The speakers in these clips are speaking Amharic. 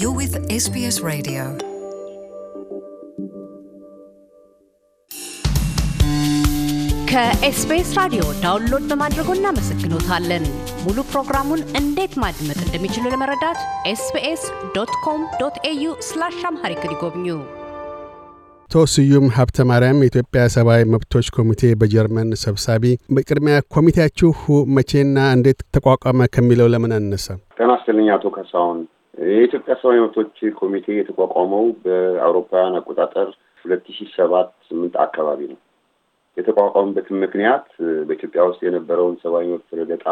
You're with SBS Radio. ከኤስቢኤስ ራዲዮ ዳውንሎድ በማድረጎ እናመሰግኖታለን። ሙሉ ፕሮግራሙን እንዴት ማድመጥ እንደሚችሉ ለመረዳት ኤስቢኤስ ዶት ኮም ዶት ኤዩ ስላሽ አምሃሪክ ይጎብኙ። አቶ ስዩም ሀብተ ማርያም የኢትዮጵያ ሰብአዊ መብቶች ኮሚቴ በጀርመን ሰብሳቢ፣ በቅድሚያ ኮሚቴያችሁ መቼና እንዴት ተቋቋመ ከሚለው ለምን አነሳ? ጤና ይስጥልኝ አቶ ከሳሁን የኢትዮጵያ ሰብአዊ መብቶች ኮሚቴ የተቋቋመው በአውሮፓውያን አቆጣጠር ሁለት ሺ ሰባት ስምንት አካባቢ ነው። የተቋቋመበትን ምክንያት በኢትዮጵያ ውስጥ የነበረውን ሰብአዊ መብት ረገጣ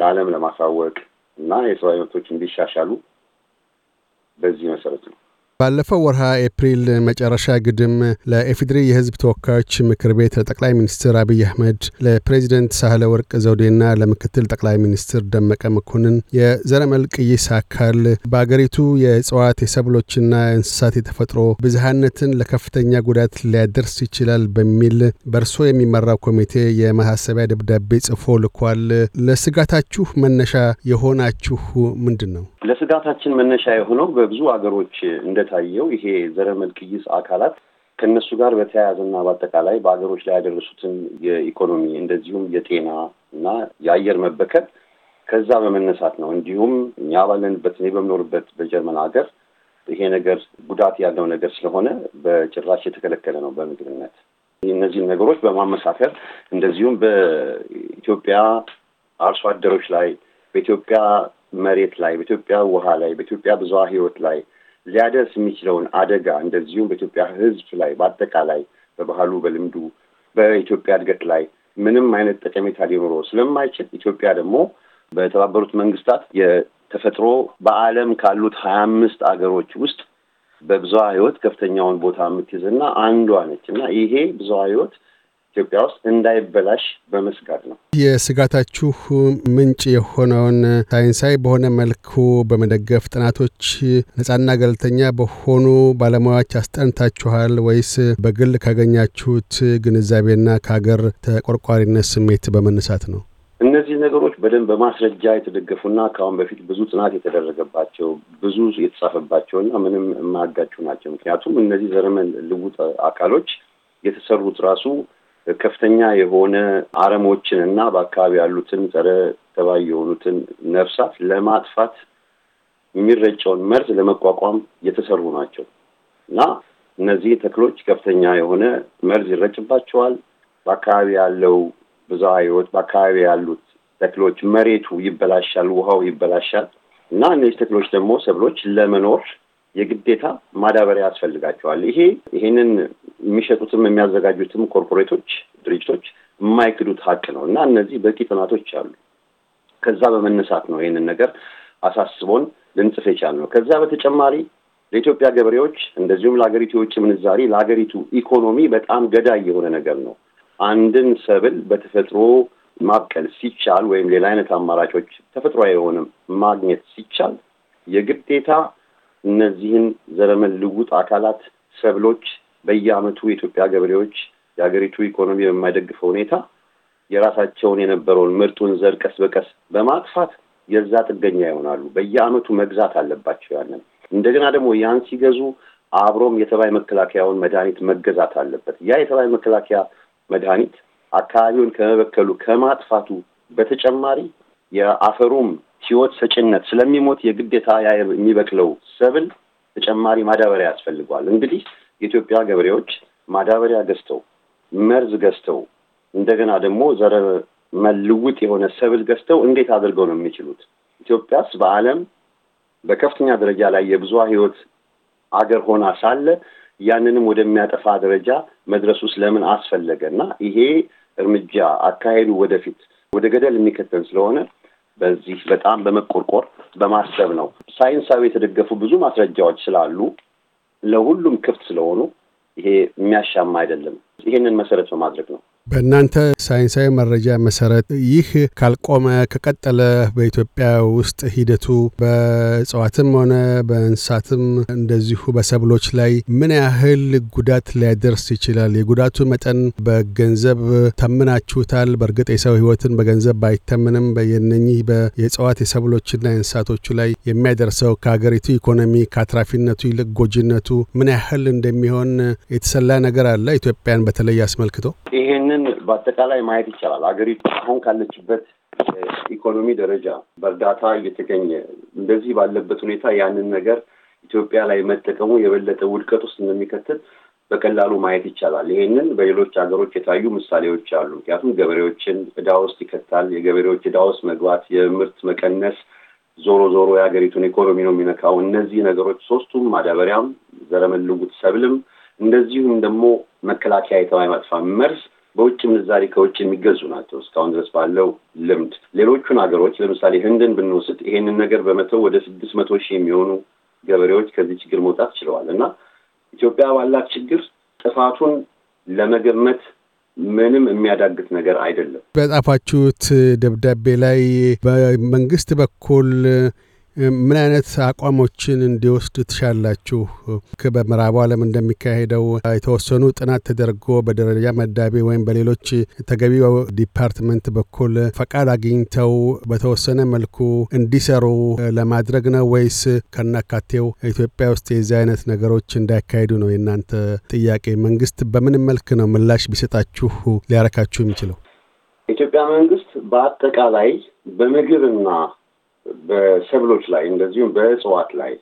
ለዓለም ለማሳወቅ እና የሰብአዊ መብቶች እንዲሻሻሉ በዚህ መሰረት ነው። ባለፈው ወርሃ ኤፕሪል መጨረሻ ግድም ለኤፍድሪ የህዝብ ተወካዮች ምክር ቤት ለጠቅላይ ሚኒስትር አብይ አህመድ ለፕሬዚደንት ሳህለ ወርቅ ዘውዴና ለምክትል ጠቅላይ ሚኒስትር ደመቀ መኮንን የዘረመል ቅይስ አካል በአገሪቱ የእጽዋት የሰብሎችና እንስሳት የተፈጥሮ ብዝሃነትን ለከፍተኛ ጉዳት ሊያደርስ ይችላል በሚል በእርሶ የሚመራው ኮሚቴ የማሳሰቢያ ደብዳቤ ጽፎ ልኳል። ለስጋታችሁ መነሻ የሆናችሁ ምንድን ነው? ለስጋታችን መነሻ የሆነው በብዙ አገሮች እንደ እንደሚያሳየው ይሄ ዘረመል ቅይስ አካላት ከእነሱ ጋር በተያያዘና በአጠቃላይ በሀገሮች ላይ ያደረሱትን የኢኮኖሚ እንደዚሁም የጤና እና የአየር መበከል ከዛ በመነሳት ነው። እንዲሁም እኛ ባለንበት እኔ በምኖርበት በጀርመን ሀገር ይሄ ነገር ጉዳት ያለው ነገር ስለሆነ በጭራሽ የተከለከለ ነው በምግብነት። እነዚህን ነገሮች በማመሳከር እንደዚሁም በኢትዮጵያ አርሶ አደሮች ላይ፣ በኢትዮጵያ መሬት ላይ፣ በኢትዮጵያ ውሃ ላይ፣ በኢትዮጵያ ብዙ ሕይወት ላይ ሊያደርስ የሚችለውን አደጋ እንደዚሁም በኢትዮጵያ ሕዝብ ላይ በአጠቃላይ በባህሉ፣ በልምዱ፣ በኢትዮጵያ እድገት ላይ ምንም አይነት ጠቀሜታ ሊኖረው ስለማይችል ኢትዮጵያ ደግሞ በተባበሩት መንግስታት የተፈጥሮ በዓለም ካሉት ሀያ አምስት አገሮች ውስጥ በብዙ ህይወት ከፍተኛውን ቦታ የምትይዝና አንዷ ነች እና ይሄ ብዝሃ ህይወት ኢትዮጵያ ውስጥ እንዳይበላሽ በመስጋት ነው። የስጋታችሁ ምንጭ የሆነውን ሳይንሳዊ በሆነ መልኩ በመደገፍ ጥናቶች ነጻና ገለልተኛ በሆኑ ባለሙያዎች አስጠንታችኋል ወይስ በግል ካገኛችሁት ግንዛቤና ከሀገር ተቆርቋሪነት ስሜት በመነሳት ነው? እነዚህ ነገሮች በደንብ በማስረጃ የተደገፉና ከአሁን በፊት ብዙ ጥናት የተደረገባቸው ብዙ የተጻፈባቸውና ምንም የማያጋጩ ናቸው። ምክንያቱም እነዚህ ዘረመን ልውጥ አካሎች የተሰሩት ራሱ ከፍተኛ የሆነ አረሞችን እና በአካባቢ ያሉትን ጸረ ተባይ የሆኑትን ነፍሳት ለማጥፋት የሚረጨውን መርዝ ለመቋቋም የተሰሩ ናቸው እና እነዚህ ተክሎች ከፍተኛ የሆነ መርዝ ይረጭባቸዋል። በአካባቢ ያለው ብዝሃ ሕይወት በአካባቢ ያሉት ተክሎች መሬቱ ይበላሻል፣ ውሃው ይበላሻል እና እነዚህ ተክሎች ደግሞ ሰብሎች ለመኖር የግዴታ ማዳበሪያ ያስፈልጋቸዋል። ይሄ ይሄንን የሚሸጡትም የሚያዘጋጁትም ኮርፖሬቶች፣ ድርጅቶች የማይክዱት ሀቅ ነው እና እነዚህ በቂ ጥናቶች አሉ። ከዛ በመነሳት ነው ይህንን ነገር አሳስቦን ልንጽፍ የቻልነው። ከዛ በተጨማሪ ለኢትዮጵያ ገበሬዎች እንደዚሁም ለሀገሪቱ የውጭ ምንዛሪ ለሀገሪቱ ኢኮኖሚ በጣም ገዳይ የሆነ ነገር ነው። አንድን ሰብል በተፈጥሮ ማብቀል ሲቻል ወይም ሌላ አይነት አማራጮች ተፈጥሯዊ የሆነ ማግኘት ሲቻል የግዴታ እነዚህን ዘረመል ልውጥ አካላት ሰብሎች በየዓመቱ የኢትዮጵያ ገበሬዎች የሀገሪቱ ኢኮኖሚ በማይደግፈው ሁኔታ የራሳቸውን የነበረውን ምርጡን ዘር ቀስ በቀስ በማጥፋት የዛ ጥገኛ ይሆናሉ። በየአመቱ መግዛት አለባቸው። ያንን እንደገና ደግሞ ያን ሲገዙ አብሮም የተባይ መከላከያውን መድኃኒት መገዛት አለበት። ያ የተባይ መከላከያ መድኃኒት አካባቢውን ከመበከሉ ከማጥፋቱ በተጨማሪ የአፈሩም ሕይወት ሰጭነት ስለሚሞት የግዴታ ያ የሚበቅለው ሰብል ተጨማሪ ማዳበሪያ ያስፈልገዋል። እንግዲህ የኢትዮጵያ ገበሬዎች ማዳበሪያ ገዝተው መርዝ ገዝተው እንደገና ደግሞ ዘረ መልውጥ የሆነ ሰብል ገዝተው እንዴት አድርገው ነው የሚችሉት? ኢትዮጵያስ በዓለም በከፍተኛ ደረጃ ላይ የብዙ ህይወት አገር ሆና ሳለ ያንንም ወደሚያጠፋ ደረጃ መድረስ ውስጥ ለምን አስፈለገ? እና ይሄ እርምጃ አካሄዱ ወደፊት ወደ ገደል የሚከተል ስለሆነ በዚህ በጣም በመቆርቆር በማሰብ ነው። ሳይንሳዊ የተደገፉ ብዙ ማስረጃዎች ስላሉ ለሁሉም ክፍት ስለሆኑ ይሄ የሚያሻማ አይደለም። ይሄንን መሰረት በማድረግ ነው በእናንተ ሳይንሳዊ መረጃ መሰረት ይህ ካልቆመ ከቀጠለ በኢትዮጵያ ውስጥ ሂደቱ በእጽዋትም ሆነ በእንስሳትም እንደዚሁ በሰብሎች ላይ ምን ያህል ጉዳት ሊያደርስ ይችላል? የጉዳቱ መጠን በገንዘብ ተምናችሁታል? በእርግጥ የሰው ህይወትን በገንዘብ ባይተምንም የነኚህ የእጽዋት የሰብሎችና የእንስሳቶቹ ላይ የሚያደርሰው ከሀገሪቱ ኢኮኖሚ ከአትራፊነቱ ይልቅ ጎጂነቱ ምን ያህል እንደሚሆን የተሰላ ነገር አለ? ኢትዮጵያን በተለይ አስመልክቶ ይህንን በአጠቃላይ ማየት ይቻላል። አገሪቱ አሁን ካለችበት ኢኮኖሚ ደረጃ በእርዳታ እየተገኘ እንደዚህ ባለበት ሁኔታ ያንን ነገር ኢትዮጵያ ላይ መጠቀሙ የበለጠ ውድቀት ውስጥ እንደሚከትል በቀላሉ ማየት ይቻላል። ይህንን በሌሎች ሀገሮች የታዩ ምሳሌዎች አሉ። ምክንያቱም ገበሬዎችን እዳ ውስጥ ይከታል። የገበሬዎች እዳ ውስጥ መግባት፣ የምርት መቀነስ ዞሮ ዞሮ የሀገሪቱን ኢኮኖሚ ነው የሚነካው። እነዚህ ነገሮች ሶስቱም ማዳበሪያም፣ ዘረመልጉት ሰብልም እንደዚሁም ደግሞ መከላከያ የተባይ መጥፋ መርስ በውጭ ምንዛሪ ከውጭ የሚገዙ ናቸው እስካሁን ድረስ ባለው ልምድ። ሌሎቹን ሀገሮች ለምሳሌ ህንድን ብንወስድ ይሄንን ነገር በመተው ወደ ስድስት መቶ ሺህ የሚሆኑ ገበሬዎች ከዚህ ችግር መውጣት ችለዋል እና ኢትዮጵያ ባላት ችግር ጥፋቱን ለመገመት ምንም የሚያዳግት ነገር አይደለም። በጻፋችሁት ደብዳቤ ላይ በመንግስት በኩል ምን አይነት አቋሞችን እንዲወስድ ትሻላችሁ? በምዕራቡ ዓለም እንደሚካሄደው የተወሰኑ ጥናት ተደርጎ በደረጃ መዳቤ ወይም በሌሎች ተገቢው ዲፓርትመንት በኩል ፈቃድ አግኝተው በተወሰነ መልኩ እንዲሰሩ ለማድረግ ነው ወይስ ከናካቴው ኢትዮጵያ ውስጥ የዚህ አይነት ነገሮች እንዳይካሄዱ ነው የእናንተ ጥያቄ? መንግስት በምን መልክ ነው ምላሽ ቢሰጣችሁ ሊያረካችሁ የሚችለው? ኢትዮጵያ መንግስት በአጠቃላይ በምግብና በሰብሎች ላይ እንደዚሁም በእጽዋት ላይ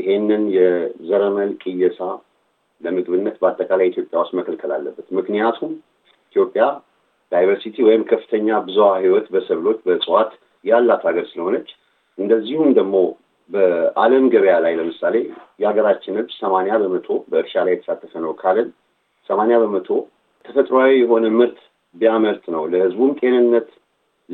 ይሄንን የዘረመል ቅየሳ ለምግብነት በአጠቃላይ ኢትዮጵያ ውስጥ መከልከል አለበት። ምክንያቱም ኢትዮጵያ ዳይቨርሲቲ ወይም ከፍተኛ ብዙሃ ህይወት በሰብሎች በእጽዋት ያላት ሀገር ስለሆነች እንደዚሁም ደግሞ በዓለም ገበያ ላይ ለምሳሌ የሀገራችን ህብ ሰማንያ በመቶ በእርሻ ላይ የተሳተፈ ነው ካለን ሰማንያ በመቶ ተፈጥሯዊ የሆነ ምርት ቢያመርት ነው ለህዝቡም ጤንነት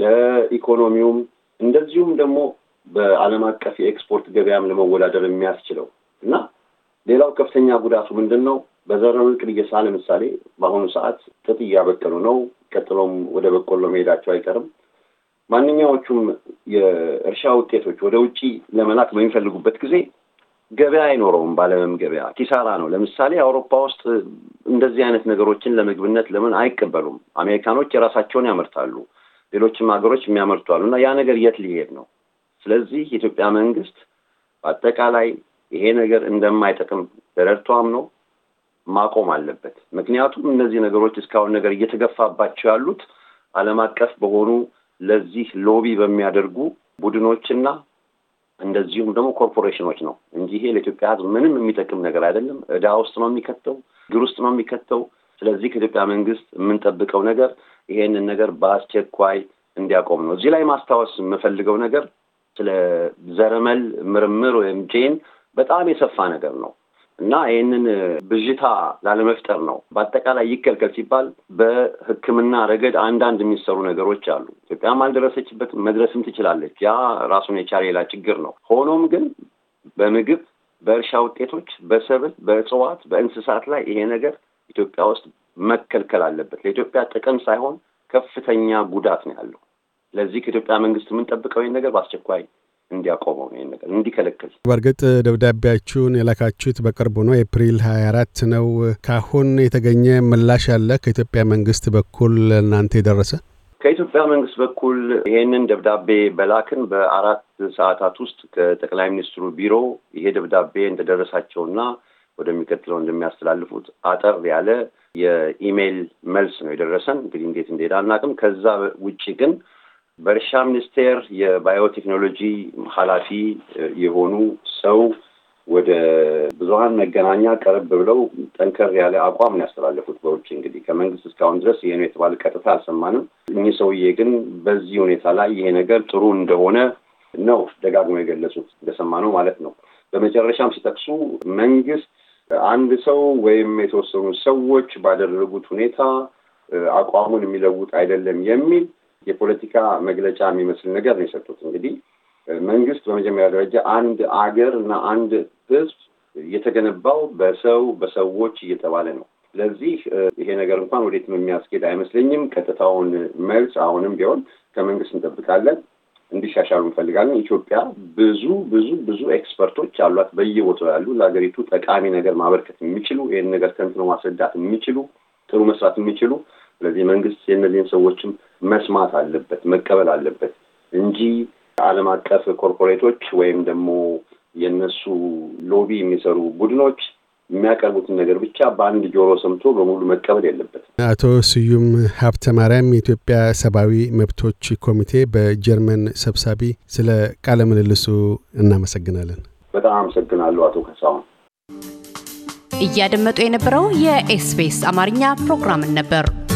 ለኢኮኖሚውም እንደዚሁም ደግሞ በዓለም አቀፍ የኤክስፖርት ገበያም ለመወዳደር የሚያስችለው እና ሌላው ከፍተኛ ጉዳቱ ምንድን ነው? በዘረመል ቅልየሳ ለምሳሌ በአሁኑ ሰዓት ጥጥ እያበቀሉ ነው። ቀጥሎም ወደ በቆሎ መሄዳቸው አይቀርም። ማንኛዎቹም የእርሻ ውጤቶች ወደ ውጭ ለመላክ በሚፈልጉበት ጊዜ ገበያ አይኖረውም። በዓለምም ገበያ ኪሳራ ነው። ለምሳሌ አውሮፓ ውስጥ እንደዚህ አይነት ነገሮችን ለምግብነት ለምን አይቀበሉም? አሜሪካኖች የራሳቸውን ያመርታሉ። ሌሎችም ሀገሮች የሚያመርቱ አሉ እና ያ ነገር የት ሊሄድ ነው? ስለዚህ የኢትዮጵያ መንግስት በአጠቃላይ ይሄ ነገር እንደማይጠቅም ተረድቶም ነው ማቆም አለበት። ምክንያቱም እነዚህ ነገሮች እስካሁን ነገር እየተገፋባቸው ያሉት ዓለም አቀፍ በሆኑ ለዚህ ሎቢ በሚያደርጉ ቡድኖችና እንደዚሁም ደግሞ ኮርፖሬሽኖች ነው እንጂ ይሄ ለኢትዮጵያ ሕዝብ ምንም የሚጠቅም ነገር አይደለም። እዳ ውስጥ ነው የሚከተው፣ ግር ውስጥ ነው የሚከተው። ስለዚህ ከኢትዮጵያ መንግስት የምንጠብቀው ነገር ይሄንን ነገር በአስቸኳይ እንዲያቆም ነው። እዚህ ላይ ማስታወስ የምፈልገው ነገር ስለ ዘረመል ምርምር ወይም ጄን በጣም የሰፋ ነገር ነው እና ይህንን ብዥታ ላለመፍጠር ነው በአጠቃላይ ይከልከል ሲባል በሕክምና ረገድ አንዳንድ የሚሰሩ ነገሮች አሉ። ኢትዮጵያም አልደረሰችበት መድረስም ትችላለች። ያ ራሱን የቻለ ሌላ ችግር ነው። ሆኖም ግን በምግብ፣ በእርሻ ውጤቶች፣ በሰብል፣ በእጽዋት፣ በእንስሳት ላይ ይሄ ነገር ኢትዮጵያ ውስጥ መከልከል አለበት። ለኢትዮጵያ ጥቅም ሳይሆን ከፍተኛ ጉዳት ነው ያለው። ለዚህ ከኢትዮጵያ መንግስት የምንጠብቀው ይህን ነገር በአስቸኳይ እንዲያቆመው ነው ይህን ነገር እንዲከለክል። በእርግጥ ደብዳቤያችሁን የላካችሁት በቅርቡ ነው፣ ኤፕሪል 24 ነው። ካሁን የተገኘ ምላሽ አለ ከኢትዮጵያ መንግስት በኩል እናንተ የደረሰ? ከኢትዮጵያ መንግስት በኩል ይሄንን ደብዳቤ በላክን በአራት ሰዓታት ውስጥ ከጠቅላይ ሚኒስትሩ ቢሮ ይሄ ደብዳቤ እንደደረሳቸውና ወደሚቀጥለው እንደሚያስተላልፉት አጠር ያለ የኢሜይል መልስ ነው የደረሰን። እንግዲህ እንዴት እንደሄደ አናውቅም። ከዛ ውጭ ግን በእርሻ ሚኒስቴር የባዮቴክኖሎጂ ኃላፊ የሆኑ ሰው ወደ ብዙሀን መገናኛ ቀረብ ብለው ጠንከር ያለ አቋም ነው ያስተላለፉት። በውጭ እንግዲህ ከመንግስት እስካሁን ድረስ ይህ ነው የተባለ ቀጥታ አልሰማንም። እኚህ ሰውዬ ግን በዚህ ሁኔታ ላይ ይሄ ነገር ጥሩ እንደሆነ ነው ደጋግሞ የገለጹት ነው ማለት ነው። በመጨረሻም ሲጠቅሱ መንግስት አንድ ሰው ወይም የተወሰኑ ሰዎች ባደረጉት ሁኔታ አቋሙን የሚለውጥ አይደለም የሚል የፖለቲካ መግለጫ የሚመስል ነገር ነው የሰጡት። እንግዲህ መንግስት በመጀመሪያ ደረጃ አንድ አገር እና አንድ ህዝብ የተገነባው በሰው በሰዎች እየተባለ ነው። ስለዚህ ይሄ ነገር እንኳን ወዴት የሚያስኬድ አይመስለኝም። ቀጥታውን መልስ አሁንም ቢሆን ከመንግስት እንጠብቃለን። እንዲሻሻሉ እንፈልጋለን። ኢትዮጵያ ብዙ ብዙ ብዙ ኤክስፐርቶች አሏት በየቦታው ያሉ ለሀገሪቱ ጠቃሚ ነገር ማበርከት የሚችሉ ይህን ነገር ተንትኖ ማስረዳት የሚችሉ ጥሩ መስራት የሚችሉ ስለዚህ መንግስት የእነዚህን ሰዎችም መስማት አለበት መቀበል አለበት እንጂ ዓለም አቀፍ ኮርፖሬቶች ወይም ደግሞ የእነሱ ሎቢ የሚሰሩ ቡድኖች የሚያቀርቡትን ነገር ብቻ በአንድ ጆሮ ሰምቶ በሙሉ መቀበል የለበትም። አቶ ስዩም ሀብተ ማርያም የኢትዮጵያ ሰብአዊ መብቶች ኮሚቴ በጀርመን ሰብሳቢ፣ ስለ ቃለ ምልልሱ እናመሰግናለን። በጣም አመሰግናለሁ አቶ ከሳሁን። እያደመጡ የነበረው የኤስቢኤስ አማርኛ ፕሮግራምን ነበር።